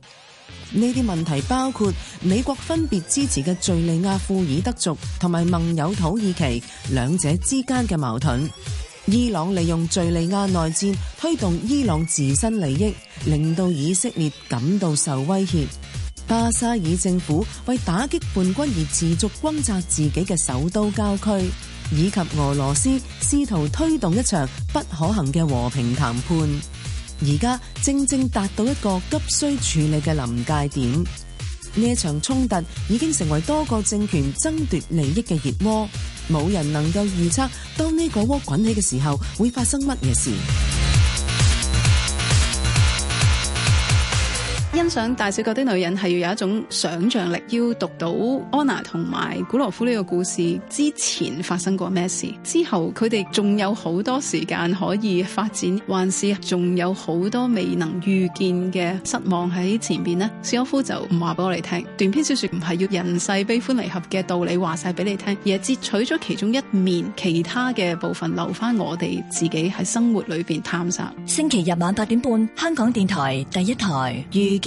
呢啲問題包括美國分別支持嘅敘利亞庫爾德族同埋盟友土耳其兩者之間嘅矛盾，伊朗利用敘利亞內戰推動伊朗自身利益，令到以色列感到受威脅。巴沙爾政府為打擊叛軍而持續轟炸自己嘅首都郊區，以及俄羅斯試圖推動一場不可行嘅和平談判。而家正正達到一個急需處理嘅臨界點，呢一場衝突已經成為多個政權爭奪利益嘅熱窩，冇人能夠預測當呢個窩滾起嘅時候會發生乜嘢事。欣賞大小個的女人係要有一種想象力，要讀到安娜同埋古羅夫呢個故事之前發生過咩事，之後佢哋仲有好多時間可以發展，還是仲有好多未能預見嘅失望喺前邊呢？史柯夫就唔話俾我哋聽，短篇小說唔係要人世悲歡離合嘅道理話晒俾你聽，而係截取咗其中一面，其他嘅部分留翻我哋自己喺生活裏邊探索。星期日晚八點半，香港電台第一台預見。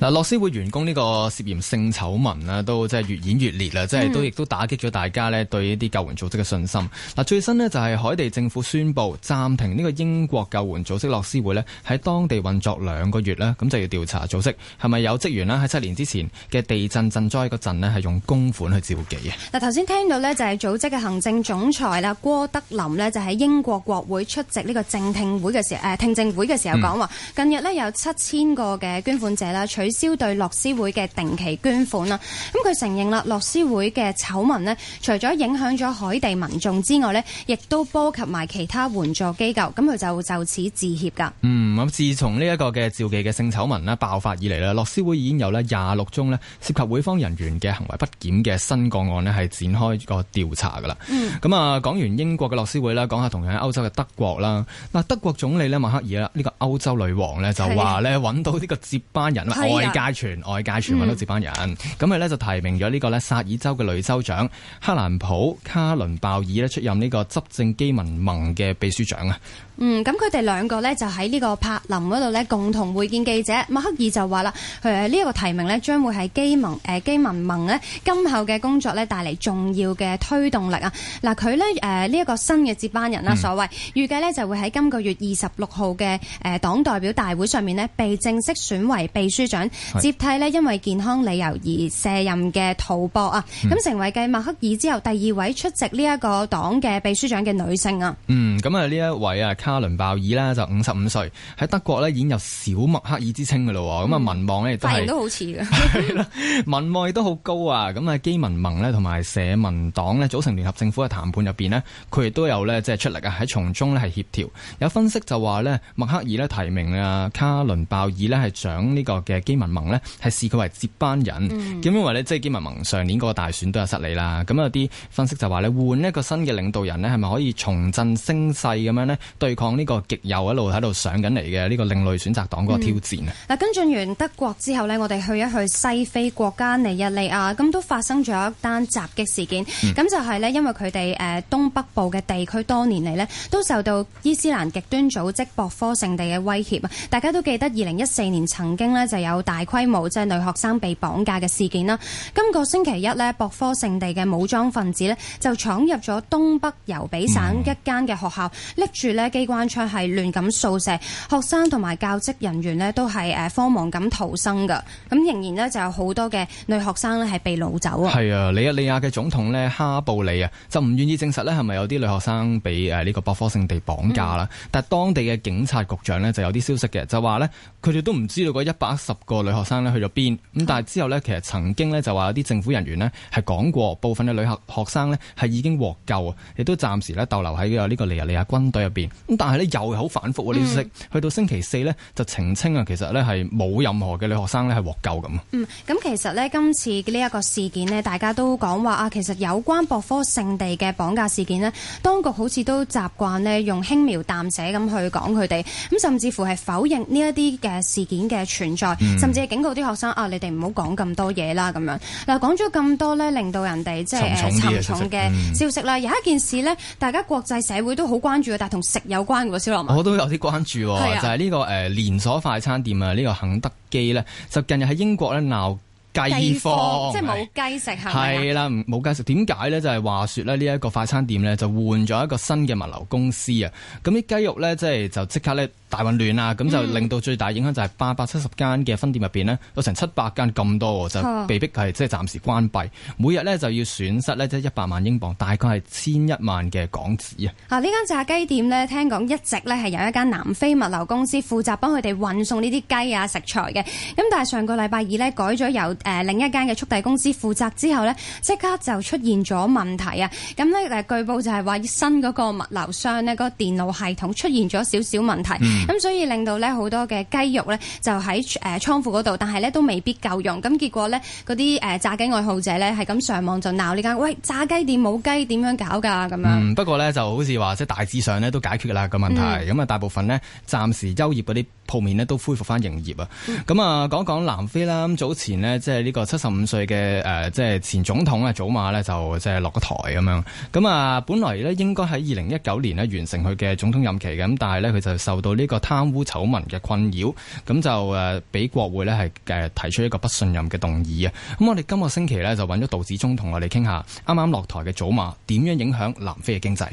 嗱，樂施會員工呢個涉嫌性醜聞啊都即係越演越烈啦，即係都亦都打擊咗大家呢對呢啲救援組織嘅信心。嗱，最新呢就係海地政府宣布暫停呢個英國救援組織樂施會呢喺當地運作兩個月呢咁就要調查組織係咪有職員咧喺七年之前嘅地震賑災嗰陣咧係用公款去召妓啊！嗱，頭先聽到呢就係組織嘅行政總裁啦郭德林呢就喺英國國會出席呢個政聽會嘅時，誒聽證會嘅時候講話、呃，近日呢，有七千個嘅捐款者啦取。取消對樂施會嘅定期捐款啦。咁佢承認啦，樂施會嘅醜聞除咗影響咗海地民衆之外咧，亦都波及埋其他援助機構。咁佢就就此致歉噶。嗯，咁自從呢一個嘅召妓嘅性醜聞爆發以嚟咧，樂施會已經有咧廿六宗涉及會方人員嘅行為不檢嘅新個案咧係展開個調查噶啦。嗯。咁啊，講完英國嘅樂施會啦，講下同樣喺歐洲嘅德國啦。嗱，德國總理咧默克爾呢，這個歐洲女王就話咧揾到呢個接班人外界傳，外界傳揾到接班人，咁佢咧就提名咗呢個咧薩爾州嘅女州長克蘭普卡倫鮑爾咧出任呢個執政基民盟嘅秘書長啊。嗯，咁佢哋兩個呢，就喺呢個柏林嗰度呢，共同會見記者。默克爾就話啦，佢呢個個提名呢將會喺基民誒基民盟呢今後嘅工作呢帶嚟重要嘅推動力啊！嗱，佢呢，呢一個新嘅接班人啦，所謂、嗯、預計呢，就會喺今個月二十六號嘅誒黨代表大會上面呢，被正式選為秘書長是接替呢，因為健康理由而卸任嘅圖博啊！咁、嗯、成為繼默克爾之後第二位出席呢一個黨嘅秘書長嘅女性啊！嗯，咁啊呢一位啊。卡倫鮑爾呢，就五十五歲，喺德國呢，已經有小默克爾之稱噶咯。咁啊、嗯，民望呢，都係，都好似嘅。係啦，民望亦都好高啊。咁啊，基民盟呢，同埋社民黨呢，組成聯合政府嘅談判入邊呢，佢亦都有呢，即係出力啊，喺從中呢，係協調。有分析就話呢，默克爾呢提名啊卡倫鮑爾呢係掌呢個嘅基民盟呢，係視佢為接班人。咁、嗯、因為呢，即係基民盟上年嗰個大選都有失利啦。咁有啲分析就話呢，換一個新嘅領導人呢，係咪可以重振聲勢咁樣呢？對抗呢個極右一路喺度上緊嚟嘅呢個另類選擇黨嗰個挑戰啊！嗱，跟進完德國之後呢，我哋去一去西非國家尼日利亞，咁都發生咗一單襲擊事件。咁、嗯、就係呢，因為佢哋誒東北部嘅地區多年嚟呢，都受到伊斯蘭極端組織博科聖地嘅威脅。大家都記得二零一四年曾經呢就有大規模即係、就是、女學生被綁架嘅事件啦。今、那個星期一呢，博科聖地嘅武裝分子呢，就闖入咗東北尤比省一間嘅學校，拎住呢。機。關窗係亂咁掃射，學生同埋教職人員呢都係誒慌忙咁逃生噶。咁仍然呢就有好多嘅女學生呢係被擄走啊。係啊，尼日利亞嘅總統呢，哈布里啊，就唔願意證實呢係咪有啲女學生被誒呢個博科聖地綁架啦。嗯、但係當地嘅警察局長呢就有啲消息嘅，就話呢，佢哋都唔知道嗰一百一十個女學生呢去咗邊。咁但係之後呢，其實曾經呢就話有啲政府人員呢係講過，部分嘅女學學生呢係已經獲救，亦都暫時呢逗留喺呢個尼日利亞軍隊入邊。但係咧又係好反覆嘅消息，去、嗯、到星期四呢，就澄清啊，其實呢係冇任何嘅女學生呢係獲救咁。嗯，咁其實呢，今次呢一個事件呢，大家都講話啊，其實有關博科聖地嘅綁架事件呢，當局好似都習慣呢用輕描淡寫咁去講佢哋，咁甚至乎係否認呢一啲嘅事件嘅存在，嗯、甚至係警告啲學生啊，你哋唔好講咁多嘢啦咁樣。嗱講咗咁多呢，令到人哋即係沉重嘅消息啦。嗯息嗯、有一件事呢，大家國際社會都好關注嘅，但同食有關個，蕭樂文，我都有啲關注，是啊，就係呢、呢個誒、呃、連鎖快餐店啊、呢、呢個肯德基咧，就近日喺英國咧鬧雞方，方即係冇雞食係咪？係啦，冇雞食。點解是吧呢？就係、是、話說咧，呢一個快餐店呢，就換咗一個新嘅物流公司啊。咁啲雞肉呢，即係就即、是、刻咧大混亂啊！咁、嗯、就令到最大影響就係八百七十間嘅分店入邊呢，有成七百間咁多就被逼係即係暫時關閉。哦、每日呢，就要損失呢，即係一百萬英鎊，大概係千一萬嘅港紙啊！啊！呢間炸雞店呢，聽講一直呢係有一間南非物流公司負責幫佢哋運送呢啲雞啊食材嘅。咁但係上個禮拜二呢，改咗有。誒另一間嘅速遞公司負責之後呢，即刻就出現咗問題啊！咁呢誒，據報就係話新嗰個物流商呢個電腦系統出現咗少少問題，咁、嗯、所以令到呢好多嘅雞肉呢就喺誒倉庫嗰度，但係呢都未必夠用。咁結果呢，嗰啲炸雞愛好者呢係咁上網就鬧呢間，喂炸雞店冇雞點樣搞㗎？咁樣、嗯、不過呢就好似話即大致上呢都解決㗎啦個問題。咁啊，大部分呢，暫時休業嗰啲鋪面呢都恢復翻營業啊。咁啊，講講南非啦。咁早前呢。即係呢個七十五歲嘅，誒，即係前總統啊，祖馬咧就即係落咗台咁樣。咁啊，本來咧應該喺二零一九年咧完成佢嘅總統任期嘅，咁，但係咧佢就受到呢個貪污醜聞嘅困擾，咁就誒俾國會咧係誒提出一個不信任嘅動議啊。咁我哋今個星期咧就揾咗杜子忠同我哋傾下，剛剛下，啱啱落台嘅祖馬點樣影響南非嘅經濟。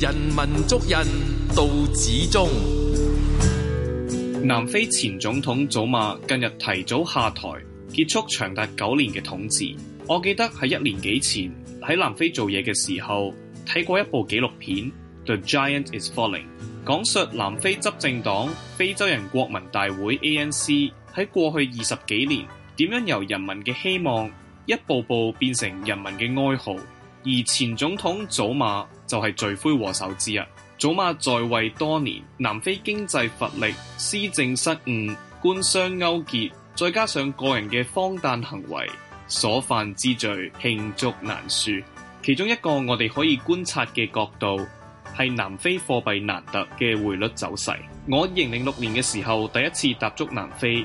人民足印，杜子忠。南非前總統祖馬近日提早下台，結束長達九年嘅統治。我記得喺一年幾前喺南非做嘢嘅時候，睇過一部紀錄片《The Giant Is Falling》，講述南非執政黨非洲人國民大會 ANC 喺過去二十幾年點樣由人民嘅希望一步步變成人民嘅哀嚎，而前總統祖馬就係罪魁禍首之一。祖馬在位多年，南非經濟乏力、施政失誤、官商勾結，再加上個人嘅荒誕行為，所犯之罪罄竹難書。其中一個我哋可以觀察嘅角度係南非貨幣蘭特嘅匯率走勢。我二零零六年嘅時候第一次踏足南非，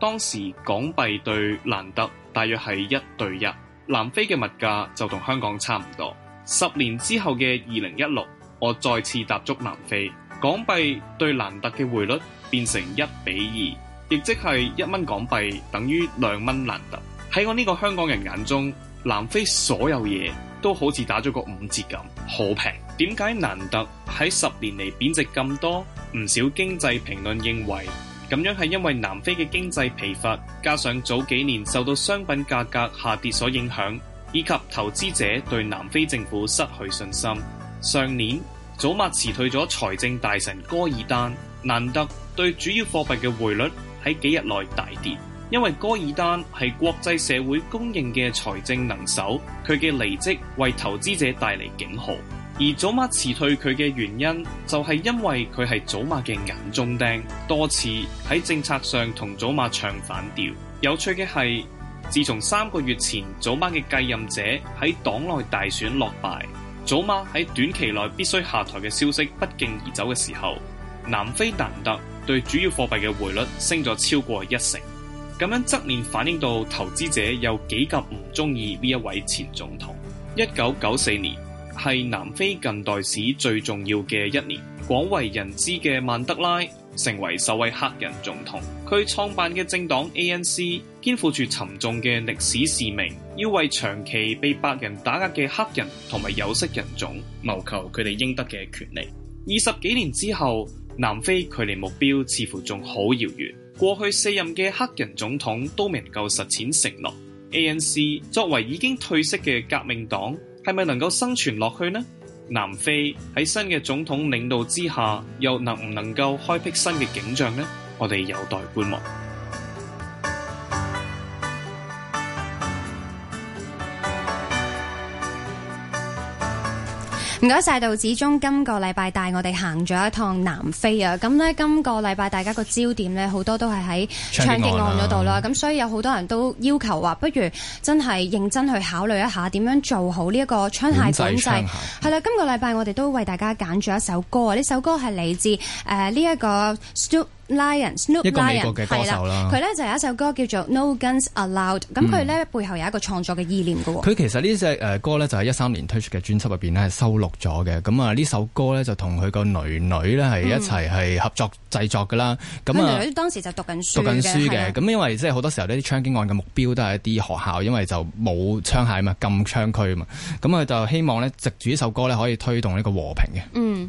當時港幣對蘭特，大約係一對一，南非嘅物價就同香港差唔多。十年之後嘅二零一六我再次踏足南非，港幣對蘭特嘅匯率變成一比二，亦即係一蚊港幣等於兩蚊蘭特。喺我呢個香港人眼中，南非所有嘢都好似打咗個五折咁，好平。點解蘭特喺十年嚟貶值咁多？唔少經濟評論認為咁樣係因為南非嘅經濟疲乏，加上早幾年受到商品價格下跌所影響，以及投資者對南非政府失去信心。上年，祖馬辭退咗財政大臣戈爾丹，蘭特對主要貨幣嘅匯率喺幾日內大跌，因為戈爾丹係國際社會公認嘅財政能手，佢嘅離職為投資者帶嚟警號。而祖馬辭退佢嘅原因，就係因為佢係祖馬嘅眼中釘，多次喺政策上同祖馬唱反調。有趣嘅係，自從三個月前祖馬嘅繼任者喺黨內大選落敗，祖馬喺短期內必須下台嘅消息不脛而走嘅時候，南非蘭特對主要貨幣嘅匯率升咗超過一成，咁樣側面反映到投資者有幾咁唔鍾意呢一位前總統。一九九四年係南非近代史最重要嘅一年，廣為人知嘅曼德拉成為首位黑人總統，佢創辦嘅政黨 ANC 肩負住沉重嘅歷史使命，要為長期被白人打壓嘅黑人同埋有色人種謀求佢哋應得嘅權利。二十幾年之後，南非距離目標似乎仲好遙遠。過去四任嘅黑人總統都未能夠實踐承諾，ANC 作為已經退色嘅革命黨，係咪能夠生存落去呢？南非喺新嘅總統領導之下，又能唔能夠開闢新嘅景象呢？我哋有待觀望。唔該晒，杜子中今個禮拜帶我哋行咗一趟南非啊！咁咧，今個禮拜大家個焦點咧，好多都係喺槍擊案嗰度啦。咁所以有好多人都要求話，不如真係認真去考慮一下，點樣做好呢一個槍械管制械？係啦，今個禮拜我哋都為大家揀咗一首歌啊！呢首歌係嚟自誒呢一個。Lion，Snoop Lion，一個美國嘅歌手啦，係啦，佢咧就有一首歌叫做《No Guns Allowed》。咁佢咧背後有一個創作嘅意念㗎。佢其實呢隻歌咧就喺一三年推出嘅專輯入面咧係收錄咗嘅。咁啊呢首歌咧就同佢個女女咧係一齊係合作製作㗎啦。咁啊、嗯，女女當時就讀緊書讀緊書嘅。咁的因為即係好多時候呢啲槍擊案嘅目標都係一啲學校，因為就冇槍械啊嘛，禁槍區啊嘛。咁啊就希望咧，藉住呢首歌咧可以推動呢個和平嘅。嗯。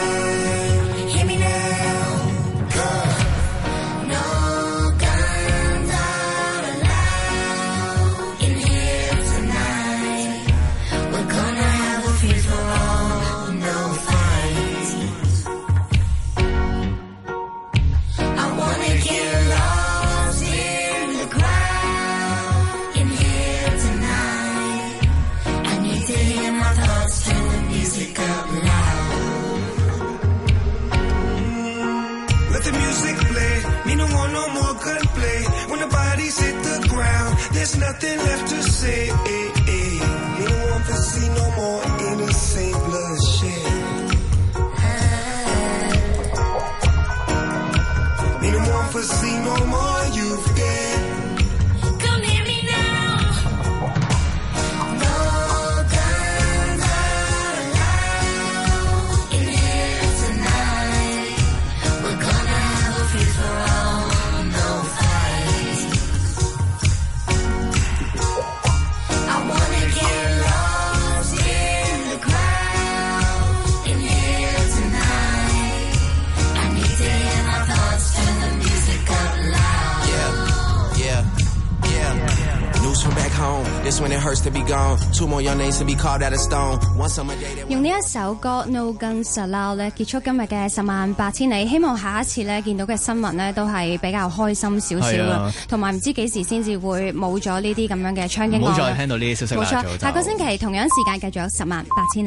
用呢一首歌《No Guns Allowed》咧，結束今日嘅十萬八千里，希望下一次咧，見到嘅新聞咧都係比較開心少少噶，同埋唔知幾時先至會冇咗呢啲咁樣嘅槍擊案。唔好再聽到呢啲消息。冇錯錯，就下個星期同樣時間繼續有十萬八千里。